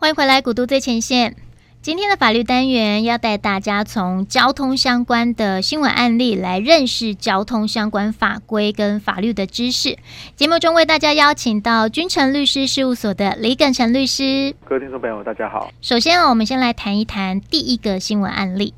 歡迎回來《古都最前線》。今天的法律單元要帶大家從交通相關的新聞案例來認識交通相關法規跟法律的知識。節目中為大家邀請到君誠律師事務所的李耿誠律師。各位聽眾朋友，大家好。首先啊，我們先來談一談第一個新聞案例，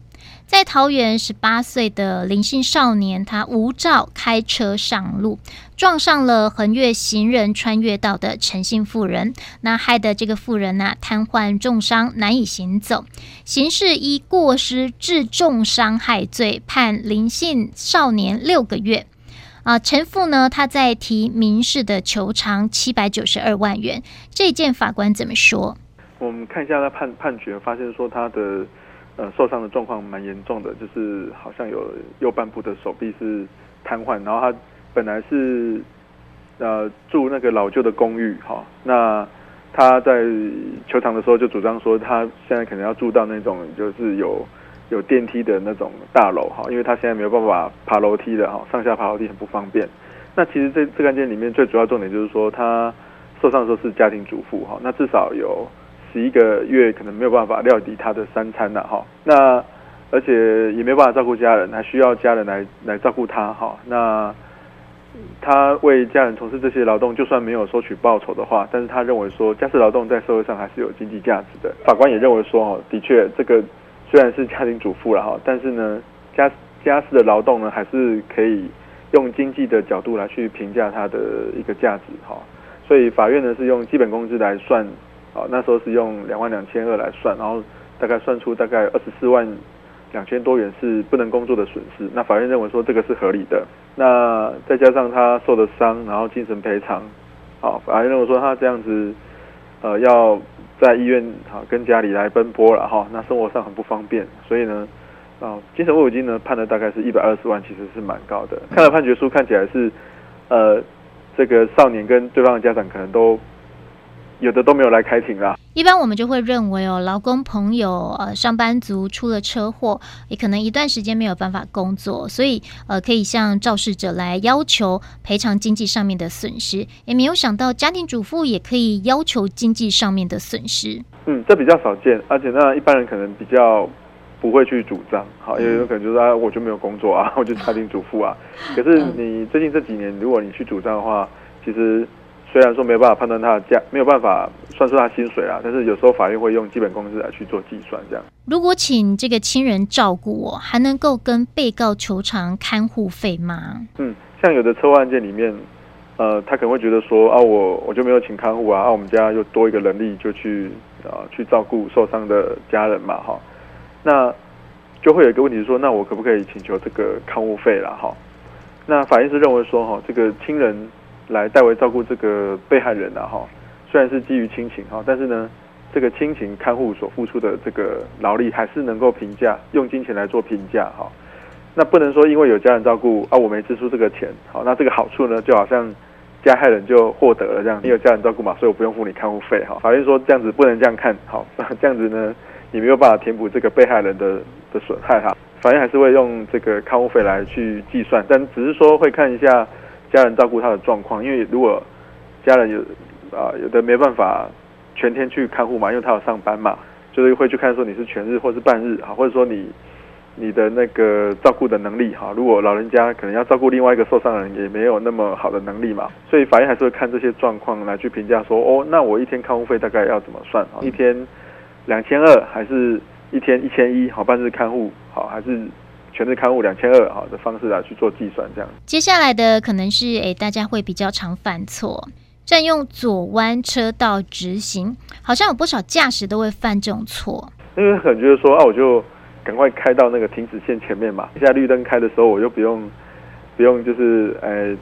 在桃園十八歲的林姓少年，他無照開車上路。撞上了橫越行人穿越道的陳姓婦人，那害得這個婦人呢癱瘓重傷，難以行走。刑事依過失致重傷害罪判林姓少年六個月。啊、呃，陳婦呢他在提民事的求償七百九十二萬元，這件法官怎麼說？我們看一下他判判決，發現說他的呃受傷的狀況蠻嚴重的，就是好像有右半部的手臂是癱瘓，然後他。本來是，呃，住那個老舊的公寓哈、哦。那他在求償的時候就主張說，他現在可能要住到那種就是有有電梯的那種大樓哈、哦，因為他現在沒有辦法爬樓梯的哈、哦，上下爬樓梯很不方便。那其實這這個案件裡面最主要重點就是說，他受傷的時候是家庭主婦哈、哦，那至少有十一個月可能沒有辦法料理他的三餐吶哈、哦。那而且也沒有辦法照顧家人，還需要家人來來照顧他哈、哦。那他為家人從事這些勞動，就算沒有收取報酬的話，但是他認為說家事勞動在社會上還是有經濟價值的。法官也認為說，哦，的確，這個雖然是家庭主婦了哈，但是呢，家家事的勞動呢，還是可以用經濟的角度來去評價它的一個價值哈。所以法院呢是用基本工資來算，啊，那時候是用兩萬兩千二來算，然後大概算出大概二十四萬。兩千多元是不能工作的損失，那法院認為說，這個是合理的。那再加上他受的傷，然後精神賠償，好、哦，法院認為說他這樣子，呃，要在醫院好、哦、跟家裡來奔波了哈，哦，那生活上很不方便，所以呢，啊、哦，精神撫慰金呢判了大概是一百二十萬，其實是蠻高的。看了判決書看起來是，呃，這個少年跟對方的家長可能都。有的都沒有來開庭啦。一般我們就會認為哦，勞工朋友、呃，上班族出了車禍，也可能一段時間沒有辦法工作，所以呃，可以向肇事者來要求賠償經濟上面的損失。也沒有想到家庭主婦也可以要求經濟上面的損失。嗯，這比較少見，而且那一般人可能比較不會去主張。好，也有、嗯、可能就是啊，我就沒有工作啊，我就家庭主婦啊。啊可是你最近這幾年，如果你去主張的話，其實。雖然說沒有辦法判斷他的價，沒有辦法算出他薪水啦，但是有時候法院會用基本工資來去做計算。這樣，如果請這個親人照顧我，還能夠跟被告求償看護費嗎？嗯，像有的車禍案件裡面，呃，他可能會覺得說啊，我我就沒有請看護啊，啊，我們家又多一個人力，就去啊去照顧受傷的家人嘛，哈，那就會有一個問題是說，那我可不可以請求這個看護費啦？哈，那法院是認為說，哈，這個親人。來代為照顧這個被害人了。哈，雖然是基於親情哈，但是呢，這個親情看護所付出的這個勞力還是能夠評價，用金錢來做評價哈。那不能說因為有家人照顧啊，我沒支出這個錢，好，那這個好處呢，就好像加害人就獲得了這樣，你有家人照顧嘛，所以我不用付你看護費哈。法院說這樣子不能這樣看，好，那這樣子呢，你沒有辦法填補這個被害人的的損害哈。法院還是會用這個看護費來去計算，但只是說會看一下。家人照顧他的狀況，因為如果家人有啊有的沒辦法全天去看護嘛，因為他有上班嘛，就是會去看說你是全日或是半日啊，或者說你你的那個照顧的能力哈，如果老人家可能要照顧另外一個受傷的人，也沒有那麼好的能力嘛，所以法院還是會看這些狀況來去評價說哦，那我一天看護費大概要怎麼算啊？一天兩千二還是一天一千一？好，半日看護好還是？全日刊物2200的方式來、啊、去做計算，這樣接下來的可能是誒、欸，大家會比較常犯錯，占用左彎車道直行，好像有不少駕駛都會犯這種錯。因為可能就是說啊，我就趕快開到那個停止線前面嘛，一下綠燈開的時候，我就不用不用，就是哎、欸，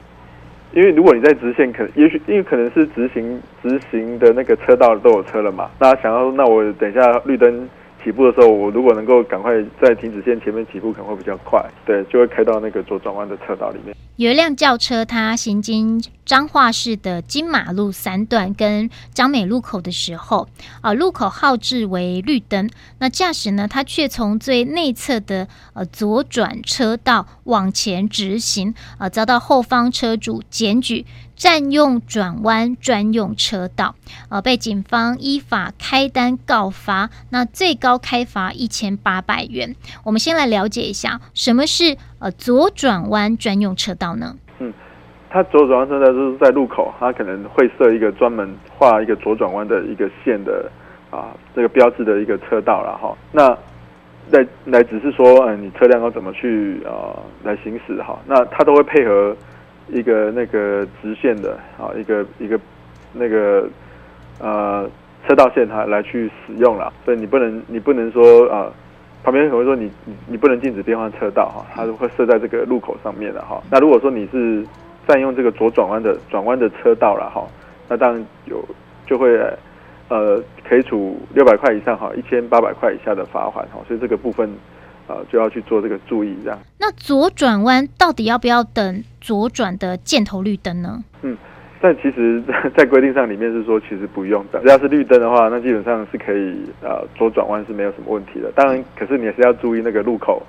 因為如果你在直線，可也許因為可能是直行直行的那個車道都有車了嘛，那想要說，那我等一下綠燈。起步的時候，我如果能夠趕快在停止線前面起步，可能會比較快。對，就會開到那個左轉彎的車道裡面。有一輛轎車，它行經。彰化市的金馬路三段跟彰美路口的時候，啊，路口號誌為綠燈，那駕駛呢，他卻從最內側的呃左轉車道往前直行，啊，遭到後方車主檢舉佔用轉彎專用車道，啊，被警方依法開單告發，那最高開罰一千八百元。我們先來了解一下，什麼是呃左轉彎專用車道呢？它左轉彎車道就是在路口，它可能會設一個專門畫一個左轉彎的一個線的啊，這個標誌的一個車道了哈、啊。那來來只是說，嗯、呃，你車輛要怎麼去啊、呃、來行駛哈、啊？那它都會配合一個那個直線的啊，一個一個那個呃車道線它來去使用啦、啊，所以你不能你不能說啊，旁邊可能會說你你不能禁止變換車道哈、啊，它都會設在這個路口上面的哈、啊。那如果說你是佔用這個左轉彎的轉彎的車道了哈，那當然有就會呃可以處六百塊以上哈一千八百塊以下的罰款哈，所以這個部分啊、呃、就要去做這個注意這樣。那左轉彎到底要不要等左轉的箭頭綠燈呢？嗯，但其實在規定上裡面是說其實不用的。只要是綠燈的話，那基本上是可以呃左轉彎是沒有什麼問題的。當然，可是你也是要注意那個路口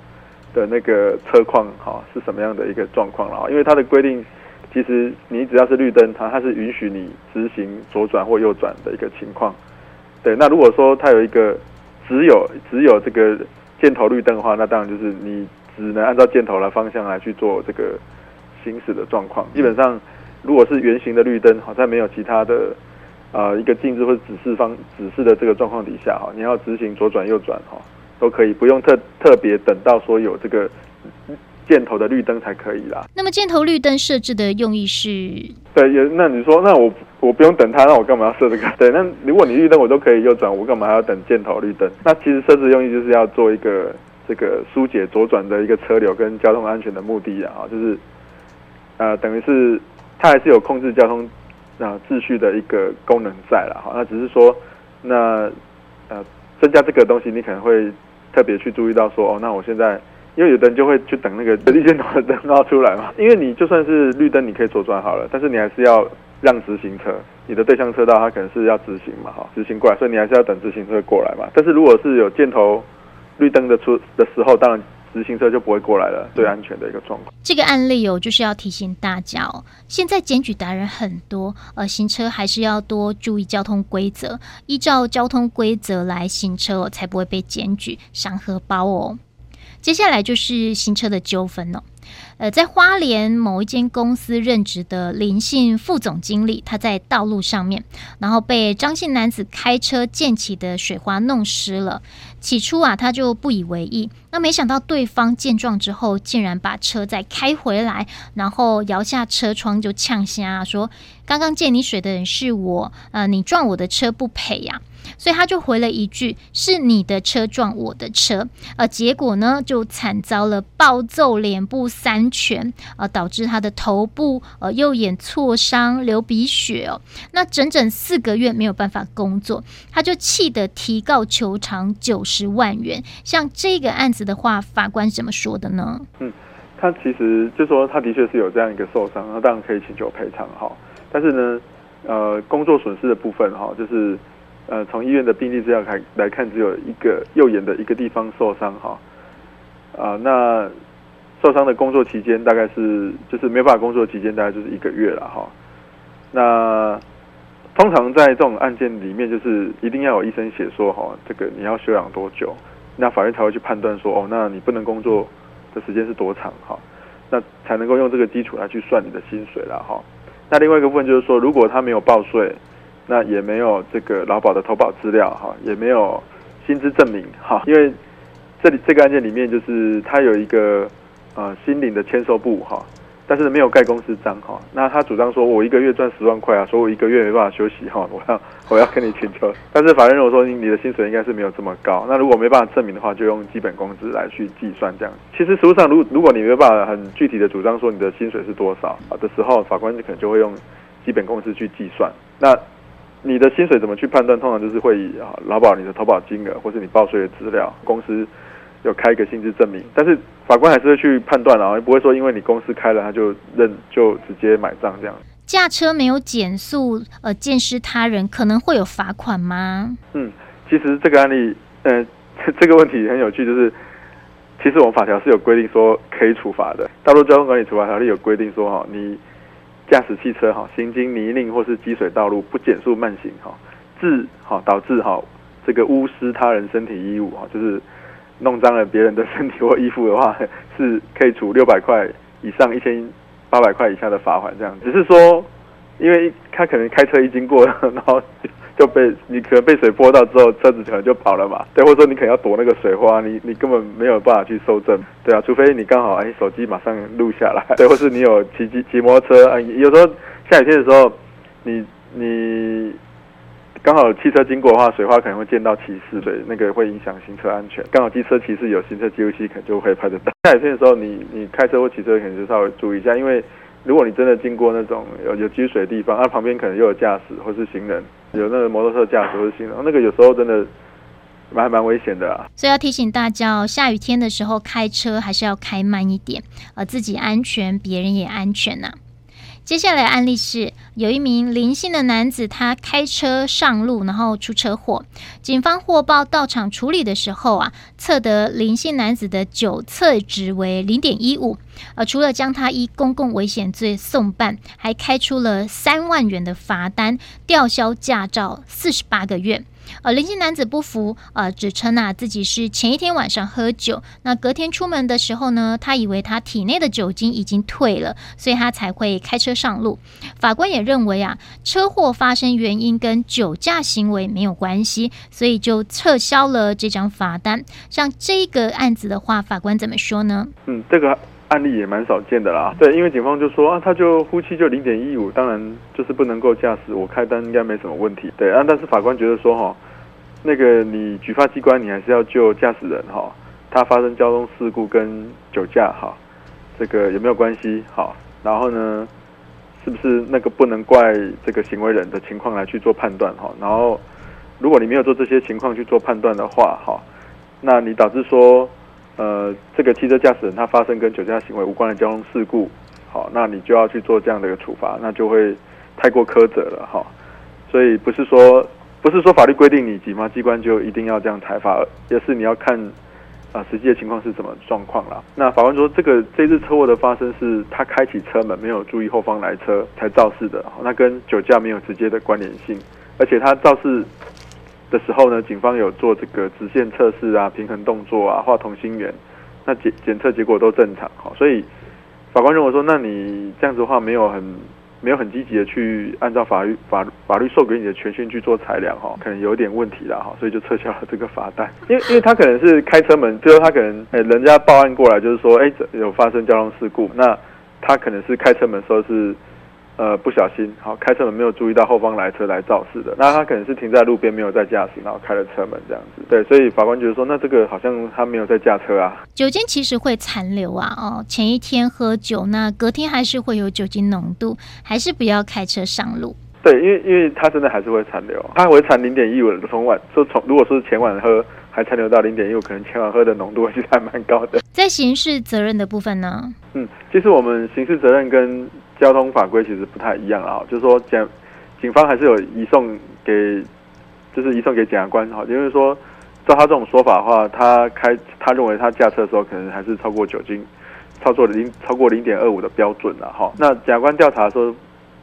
的那個車況哈是什麼樣的一個狀況了，因為它的規定。其實你只要是綠燈，它它是允許你直行、左轉或右轉的一個情況。對，那如果說它有一個只有只有這個箭頭綠燈的話，那當然就是你只能按照箭頭的方向來去做這個行駛的狀況。基本上，如果是圓形的綠燈，好，在沒有其他的啊、呃、一個禁止或者指示方指示的這個狀況底下，哈，你要直行、左轉、右轉，哈，都可以，不用特特別等到說有這個。箭頭的綠燈才可以啦。那麼箭頭綠燈設置的用意是？對，有，那你說，那我我不用等它，那我幹嘛要設這個？對，那如果你綠燈我都可以右轉，我幹嘛要等箭頭綠燈？那其實設置用意就是要做一個這個疏解左轉的一個車流跟交通安全的目的啊，就是、呃、等於是它還是有控制交通、呃、秩序的一個功能在了，好、呃，那只是說那呃增加這個東西，你可能會特別去注意到說，哦，那我現在。因為有的人就會去等那個綠箭頭的燈號出來嘛，因為你就算是綠燈，你可以左轉好了，但是你還是要讓直行車，你的對向車道它可能是要直行嘛，哈，直行過來，所以你還是要等直行車過來嘛。但是如果是有箭頭綠燈的出的時候，當然直行車就不會過來了，最安全的一個狀況。嗯、這個案例哦，就是要提醒大家哦，現在檢舉達人很多，呃，行車還是要多注意交通規則，依照交通規則來行車哦，才不會被檢舉傷荷包哦。接下來就是新車的糾紛哦。呃，在花蓮某一間公司任職的林姓副總經理，他在道路上面，然後被張姓男子開車濺起的水花弄濕了。起初啊，他就不以為意。那沒想到對方見狀之後，竟然把車再開回來，然後搖下車窗就嗆聲啊：「說：“剛剛濺你水的人是我，呃，你撞我的車不賠呀、啊？”所以他就回了一句：“是你的車撞我的車。”呃，而結果呢，就慘遭了暴揍，臉部三拳，呃，導致他的頭部呃右眼挫傷、流鼻血哦。那整整四個月沒有辦法工作，他就氣得提告求償九十萬元。像這個案子的話，法官怎麼說的呢？嗯，他其實就是說他的確是有這樣一個受傷，他當然可以請求賠償哈。但是呢，呃，工作損失的部分哈，就是。呃，從醫院的病歷資料看來看，只有一個右眼的一個地方受傷哈，啊、哦呃，那受傷的工作期間大概是就是沒有辦法工作期間，大概就是一個月了哈、哦。那通常在這種案件裡面，就是一定要有醫生寫說哈、哦，這個你要休養多久，那法院才會去判斷說哦，那你不能工作的時間是多長哈、哦，那才能夠用這個基礎來去算你的薪水啦哈、哦。那另外一個部分就是說，如果他沒有報稅。那也沒有這個勞保的投保資料哈，也沒有薪資證明哈，因為這裡這個案件裡面就是他有一個呃薪領的簽收簿哈，但是沒有蓋公司章哈。那他主張說我一個月賺十萬塊啊，說我一個月沒辦法休息哈，我要我要跟你請求。但是法院如果說你的薪水應該是沒有這麼高，那如果沒辦法證明的話，就用基本工資來去計算這樣。其實實際上，如如果你沒辦法很具體的主張說你的薪水是多少啊的時候，法官可能就會用基本工資去計算。那你的薪水怎麼去判斷？通常就是會以啊勞保你的投保金額，或是你報稅的資料，公司有開一個薪資證明。但是法官還是會去判斷啊，不會說因為你公司開了，他就認就直接買賬這樣。駕車沒有減速，呃，濺濕他人可能會有罰款嗎？嗯，其實這個案例，嗯、呃，這這個問題很有趣，就是其實我們法條是有規定說可以處罰的，道路交通管理處罰條例有規定說哈你。駕駛汽車哈，行經泥濘或是積水道路不減速慢行哈，致哈導致哈這個污濕他人身體衣物哈，就是弄髒了別人的身體或衣服的話，是可以處六百塊以上一千八百塊以下的罰款。這樣只是說。因為他可能開車一經過，然後就被你可能被水潑到之後，車子可能就跑了嘛，對，或者說你可能要躲那個水花，你你根本沒有辦法去搜證，對啊，除非你剛好哎手機馬上錄下來，對，或是你有騎騎騎摩托車啊、哎，有時候下雨天的時候，你你剛好汽車經過的話，水花可能會濺到騎士，對，那個會影響行車安全。剛好機車騎士有行車記錄器，可能就會拍得到。下雨天的時候，你你開車或騎車，可能就稍微注意一下，因為。如果你真的經過那種有有積水的地方，它、啊、旁邊可能又有駕駛或是行人，有那個摩托車駕駛或是行人，那個有時候真的蠻蠻危險的、啊。所以要提醒大家，下雨天的時候開車還是要開慢一點，呃，自己安全，別人也安全吶、啊。接下來案例是，有一名林姓的男子，他開車上路，然後出車禍。警方獲報到場處理的時候啊，測得林姓男子的酒測值為零點一五，而除了將他依公共危險罪送辦，還開出了三萬元的罰單，吊銷駕照四十八個月。呃，年輕男子不服，呃，指稱啊自己是前一天晚上喝酒，那隔天出門的時候呢，他以為他體內的酒精已經退了，所以他才會開車上路。法官也認為啊，車禍發生原因跟酒駕行為沒有關係，所以就撤銷了這張罰單。像這個案子的話，法官怎麼說呢？嗯，這個。案例也蠻少見的啦，對，因為警方就說啊，他就呼氣就零點一五，當然就是不能夠駕駛，我開單應該沒什麼問題，對啊，但是法官覺得說哈、哦，那個你舉發機關你還是要就駕駛人哈、哦，他發生交通事故跟酒駕哈、哦，這個有沒有關係？好、哦，然後呢，是不是那個不能怪這個行為人的情況來去做判斷哈、哦？然後如果你沒有做這些情況去做判斷的話哈、哦，那你導致說。呃，這個汽車駕駛人他發生跟酒駕行為無關的交通事故，好，那你就要去做這樣的一個處罰，那就會太過苛責了哈。所以不是說不是說法律規定你幾嗎？機關就一定要這樣裁罰，而是你要看啊、呃、實際的情況是怎麼狀況啦。那法官說、這個，這個這次車禍的發生是他開啟車門沒有注意後方來車才肇事的，那跟酒駕沒有直接的關聯性，而且他肇事。的時候呢，警方有做這個直線測試啊、平衡動作啊、畫同心圓，那檢檢測結果都正常哈，所以法官認為說，那你這樣子的話沒，沒有很沒有很積極的去按照法律法法律授給你的權限去做裁量哈，可能有點問題了哈，所以就撤銷了這個罰單，因為因為他可能是開車門，最、就、後、是、他可能哎、欸、人家報案過來就是說哎、欸、有發生交通事故，那他可能是開車門的時候是。呃，不小心，好，開車門沒有注意到後方來車來肇事的，那他可能是停在路邊沒有在駕駛，然後開了車門這樣子。對，所以法官覺得說，那這個好像他沒有在駕車啊。酒精其實會殘留啊，哦，前一天喝酒，那隔天還是會有酒精濃度，還是不要開車上路。對，因為因為他真的還是會殘留啊，他會殘零點一五，從晚就從，如果說是前晚喝。還殘留到零點一，有可能前晚喝的濃度其實還蠻高的。在刑事責任的部分呢？嗯，其實我們刑事責任跟交通法規其實不太一樣啊，就是說檢警,警方還是有移送給，就是移送給檢察官哈，因為說照他這種說法的話，他開他認為他駕車的時候可能還是超過酒精，超過零超過零點二五的標準了哈。那檢察官調查說，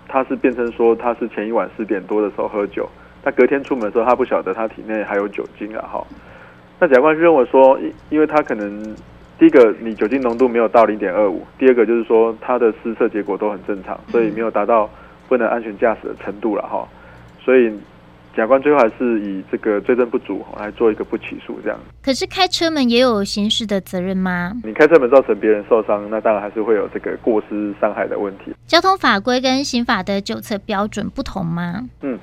他是辯稱說他是前一晚四點多的時候喝酒，他隔天出門的時候他不曉得他體內還有酒精啊哈。那檢察官認為說，因因為他可能第一個你酒精濃度沒有到零點二五，第二個就是說他的施測結果都很正常，所以沒有達到不能安全駕駛的程度了哈。所以檢察官最後還是以這個罪證不足來做一個不起訴這樣。可是開車門也有刑事的責任嗎？你開車門造成別人受傷，那當然還是會有這個過失傷害的問題。交通法規跟刑法的酒測標準不同嗎？嗯。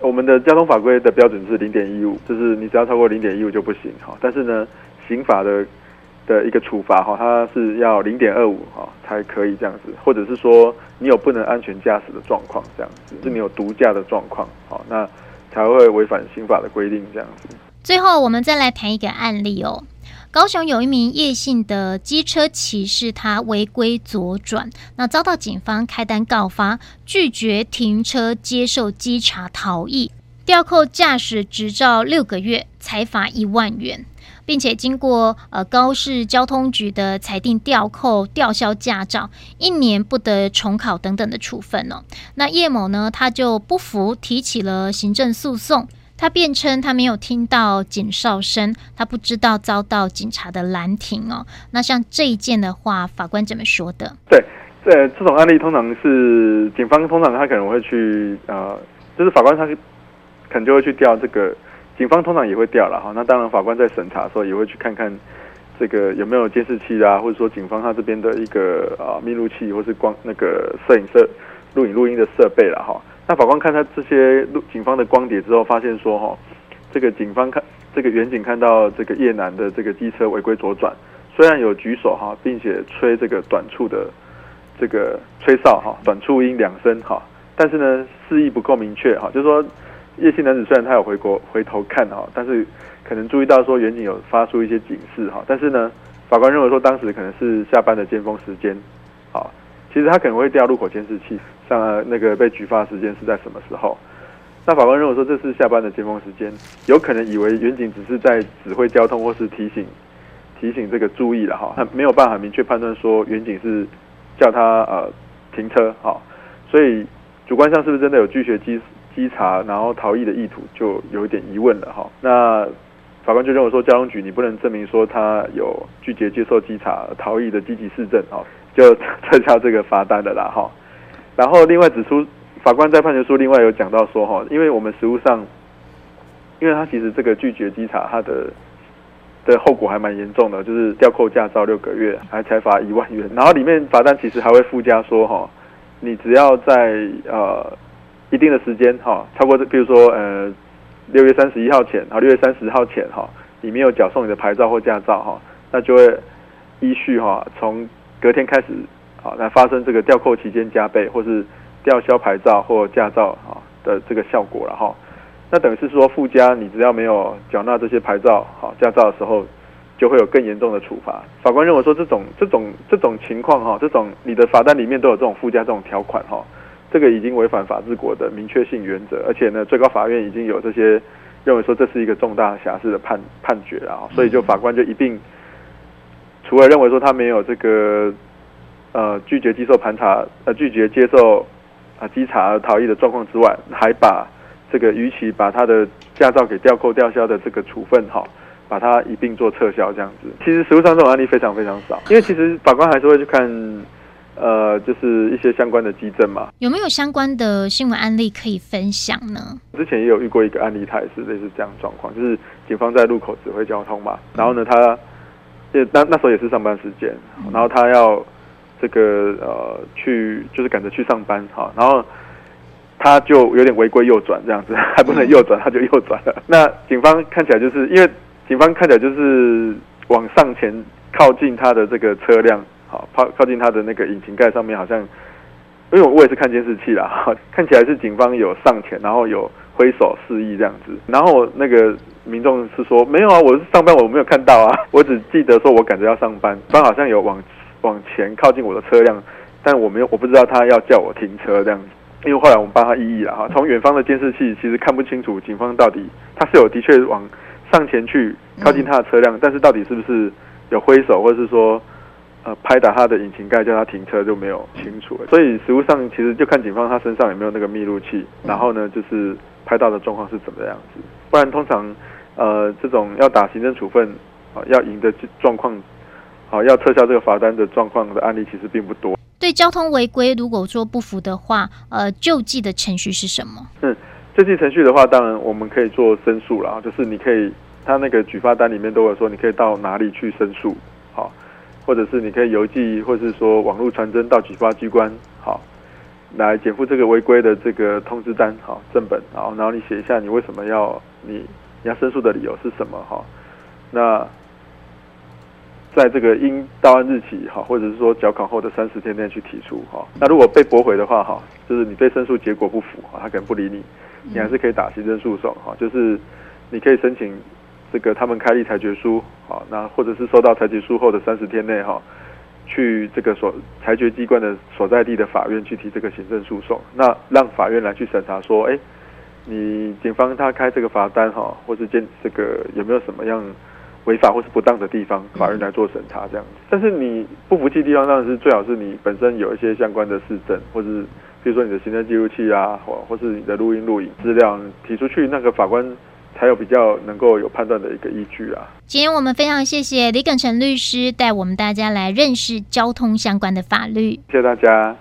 我們的交通法規的標準是零點一五，就是你只要超過零點一五就不行哈。但是呢，刑法的的一個處罰哈，它是要零點二五哈才可以這樣子，或者是說你有不能安全駕駛的狀況這樣子，是你有毒駕的狀況好，那才會違反刑法的規定這樣子。最後，我們再來談一個案例哦。高雄有一名葉姓的機車騎士，他違規左轉，那遭到警方開單告發，拒絕停車接受稽查逃逸，吊扣駕駛執照六個月，裁罰一萬元，並且經過呃高市交通局的裁定，吊扣吊銷駕照，一年不得重考等等的處分哦，那葉某呢，他就不服，提起了行政訴訟。他辯稱他沒有聽到警哨聲，他不知道遭到警察的攔停哦。那像這一件的話，法官怎麼說的？對，這這種案例通常是警方通常他可能會去啊、呃，就是法官他可能就會去調這個，警方通常也會調啦哈。那當然，法官在審查的時候也會去看看這個有沒有監視器啊，或者說警方他這邊的一個啊密錄器，或是光那個攝影攝錄影錄音的設備啦哈。那法官看他這些路警方的光碟之後，發現說哈、哦，這個警方看這個員警看到這個葉男的這個機車違規左轉，雖然有舉手哈、哦，並且吹這個短促的這個吹哨哈，短促音兩聲哈，但是呢示意不夠明確哈，就是、說葉姓男子雖然他有回國回頭看哈，但是可能注意到說員警有發出一些警示哈，但是呢法官認為說當時可能是下班的尖峰時間，哈，其實他可能會調路口監視器。上那個被舉發時間是在什麼時候？那法官認為說，這是下班的尖峰時間，有可能以為員警只是在指揮交通或是提醒提醒這個注意了哈，沒有辦法明確判斷說員警是叫他呃停車哈，所以主觀上是不是真的有拒絕稽查然後逃逸的意圖，就有一點疑問了哈。那法官就認為說交通局你不能證明說他有拒絕接受稽查逃逸的積極事證哈，就撤銷這個罰單的啦哈。然後另外指出，法官在判決書另外有講到說哈，因為我們實務上，因為他其實這個拒絕稽查，他的的後果還蠻嚴重的，就是吊扣駕照六個月，還裁罰一萬元。然後裡面罰單其實還會附加說哈，你只要在呃一定的時間哈，超過比如說呃六月三十一號前啊，六月三十號前哈，你沒有繳送你的牌照或駕照哈，那就會依序哈從隔天開始。好，那發生這個吊扣期間加倍，或是吊銷牌照或駕照啊的這個效果了哈。那等於是說，附加你只要沒有繳納這些牌照好駕照的時候，就會有更嚴重的處罰。法官認為說這，這種這種這種情況哈，這種你的罰單裡面都有這種附加這種條款哈，這個已經違反法治國的明確性原則，而且呢，最高法院已經有這些認為說這是一個重大瑕疵的判判決啊，所以就法官就一併除了認為說他沒有這個。呃，拒絕接受盤查，呃，拒絕接受啊、呃、稽查逃逸的狀況之外，還把這個逾期把他的駕照給吊扣吊銷的這個處分哈、哦，把它一併做撤銷這樣子。其實實務上這種案例非常非常少，因為其實法官還是會去看，呃，就是一些相關的跡證嘛。有沒有相關的新聞案例可以分享呢？之前也有遇過一個案例，它也是類似這樣狀況，就是警方在路口指揮交通嘛，然後呢，他、嗯、也那那時候也是上班時間，然後他要。嗯這個呃，去就是趕着去上班哈，然後他就有點違規右轉這樣子，還不能右轉，他就右轉了。那警方看起來就是，因為警方看起來就是往上前靠近他的這個車輛，好，靠靠近他的那個引擎蓋上面，好像，因為我我也是看監視器啦，看起來是警方有上前，然後有揮手示意這樣子，然後那個民眾是說沒有啊，我是上班，我沒有看到啊，我只記得說我趕着要上班，但好像有往。往前靠近我的車輛，但我沒有，我不知道他要叫我停車這樣子，因為後來我們幫他異議了哈。從遠方的監視器其實看不清楚警方到底他是有的確往上前去靠近他的車輛，嗯、但是到底是不是有揮手或者是說呃拍打他的引擎蓋叫他停車就沒有清楚。嗯、所以實務上其實就看警方他身上有沒有那個密錄器，然後呢就是拍到的狀況是怎麼樣子，不然通常呃這種要打行政處分啊，呃、要贏的狀況。好，要撤銷這個罰單的狀況的案例其實並不多。對交通違規，如果說不服的話，呃，救濟的程序是什麼？嗯，救濟程序的話，當然我們可以做申訴啦。就是你可以，他那個舉發單裡面都有說，你可以到哪裡去申訴，好，或者是你可以郵寄，或是說網絡傳真到舉發機關，好，來檢附這個違規的這個通知單，好，正本，然後然後你寫一下你為什麼要你你要申訴的理由是什麼，哈，那。在這個應到案日起哈，或者是說繳款後的三十天內去提出哈。那如果被駁回的話哈，就是你對申訴結果不服，他可能不理你，你還是可以打行政訴訟哈。就是你可以申請這個他們開立裁決書，那或者是收到裁決書後的三十天內哈，去這個所裁決機關的所在地的法院去提這個行政訴訟，那讓法院來去審查說，哎、欸，你警方他開這個罰單哈，或是這這個有沒有什麼樣？違法或是不當的地方，法院來做審查這樣子。但是你不服氣的地方，當然是最好是你本身有一些相關的事證，或是譬如說你的行車記錄器啊，或或是你的錄音錄影資料提出去，那個法官才有比較能夠有判斷的一個依據啊。今天我們非常謝謝李根成律師帶我們大家來認識交通相關的法律。謝謝大家。